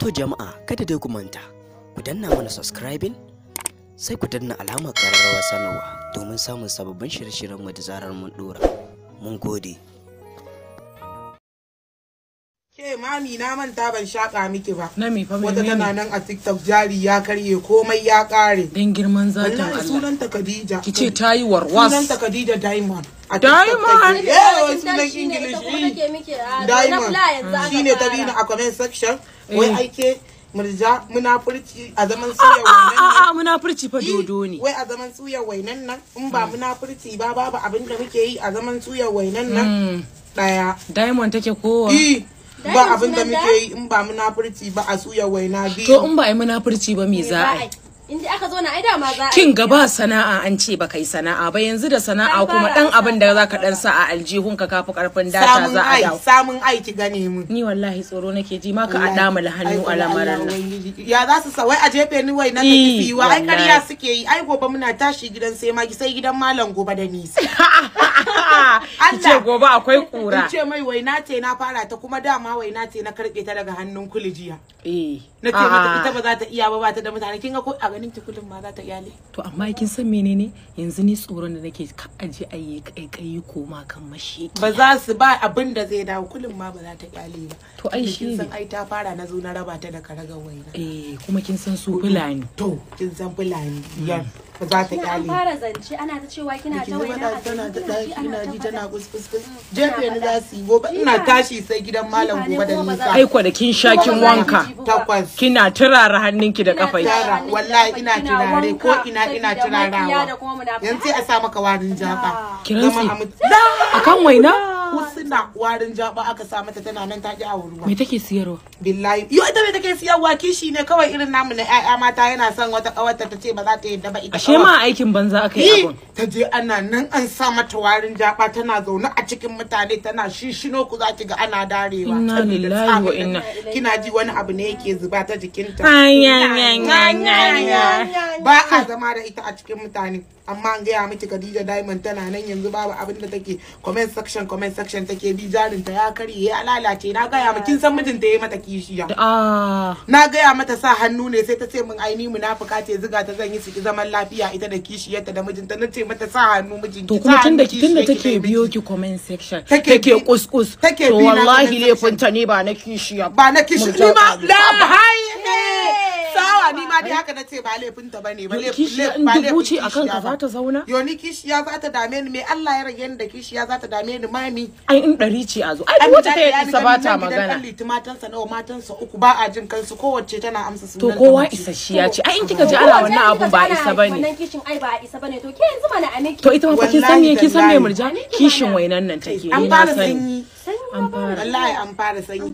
To jama'a kada dai ku manta ku danna mana subscribing sai ku danna alamar ƙararrawar sanarwa domin samun sababbin shirye-shiryenmu da zarar mun dora. Mun gode. Ke mami na manta ban shaka miki ba. Na mi fa Wata tana nan a TikTok jari ya karye komai ya kare. Dan girman zata Allah. Wallahi sunanta Khadija. Kice tayi warwas. Sunanta Khadija Diamond. Diamond. Yawa sunan English. Ah, ta a comment section. Eh. Wai aike murja munafurci a zaman ah, suya wainan ah, nan. A'a fa dodo ne. Wai a zaman suya wainan nan in ba hmm. munafurci ba babu abin da muke yi a zaman suya wainan nan. Hmm. Daya. Diamond take kowa. ba abin da muke yi in ba ba a suya waina biyu. To in ba a yi munafurci ba me za a yi? inda aka zo na ai ma za a kin gaba sana'a an ce baka yi sana'a ba yanzu da sana'a kuma dan abin da zaka dan sa a aljihun ka kafi karfin data za a dawo samun ai ki gane mu ni wallahi tsoro nake ji maka a damul hannu a lamarin nan ya za su sa wai a jefe ni wai na tafi eh, wa ai kariya suke yi ai gobe muna tashi gidan sai ma sai gidan malam gobe da nisa ce gobe akwai kura ce mai waina ce na fara ta kuma dama waina ce na karbe ta daga hannun kulijiya eh na ce mata ita ba za ta iya ba ba ta da mutane kin ga ko a wani tukulin ma za ta yale. to amma kin san menene yanzu ni tsoron da nake ka aje ayi kai kai koma kan mashi ba za su ba abin da zai dawo kulin ma ba za ta yale ba to ai shi ne. ai ta fara na zo na raba ta da karagar waina eh kuma kin san su fulani to kin san fulani mm. yar ba za ta kyale. An fara zance ana ta cewa kina ta ina Tana ta tashi ina ji tana kuskus. Jefe ni za su yi gobe ina tashi sai gidan malam gobe da nisa. Ai kwa da kin sha kin wanka. Takwas. Kina turara hannunki da kafai. Wallahi ina turare ko ina ina turarawa. Yanzu a sa maka warin jaka. Kiransu. Akan waina? tunda warin jaba aka sa mata tana nan ta ki a ruwa me take siyarwa billahi yo ita me take siyarwa kishi ne kawai irin namu na ƴaƴa mata yana son wata kawarta ta ce ba za ta yadda ba ita ashe ma aikin banza aka yi abun ta je ana nan an sa mata warin jaba tana zaune a cikin mutane tana shishino ku za ki ga ana darewa inna lillahi wa inna kina ji wani abu ne yake zuba ta jikinta a zama da ita a cikin mutane amma an gaya miki Khadija Diamond tana nan yanzu babu abin da take comment section comment section take bi jarinta ya karye ya lalace na gaya miki kin san mijinta yayi mata kishiya ah. na gaya mata sa hannu ne sai ta ce min aini munafika ce ziga ta zan yi su zaman lafiya ita da kishiyarta da mijinta na ce mata sa hannu mijinki to kuma tunda tunda take biyo ki comment section take kuskus to wallahi laifinta ne ba na kishiya ba na kishiya ni ma la hai a ni ma dai haka na ce ba laifin ta bane ba laifin ba laifin akan ka za ta zauna yo ni kishiya za ta dame ni me Allah ya rage da kishiya za ta dame ni mami ai in dari ce a zo ai wata ta yi isa ba magana gidan litin matansa nawa uku ba a jin kansu kowace tana amsa sunan to kowa isasshiya ce ai in kika ji ana wannan abu ba isa bane wannan kishin ai ba isa bane to ke yanzu mana aniki to ita ma kin san me kin san me murja kishin wainan nan take an fara sanyi an fara wallahi an fara sanyi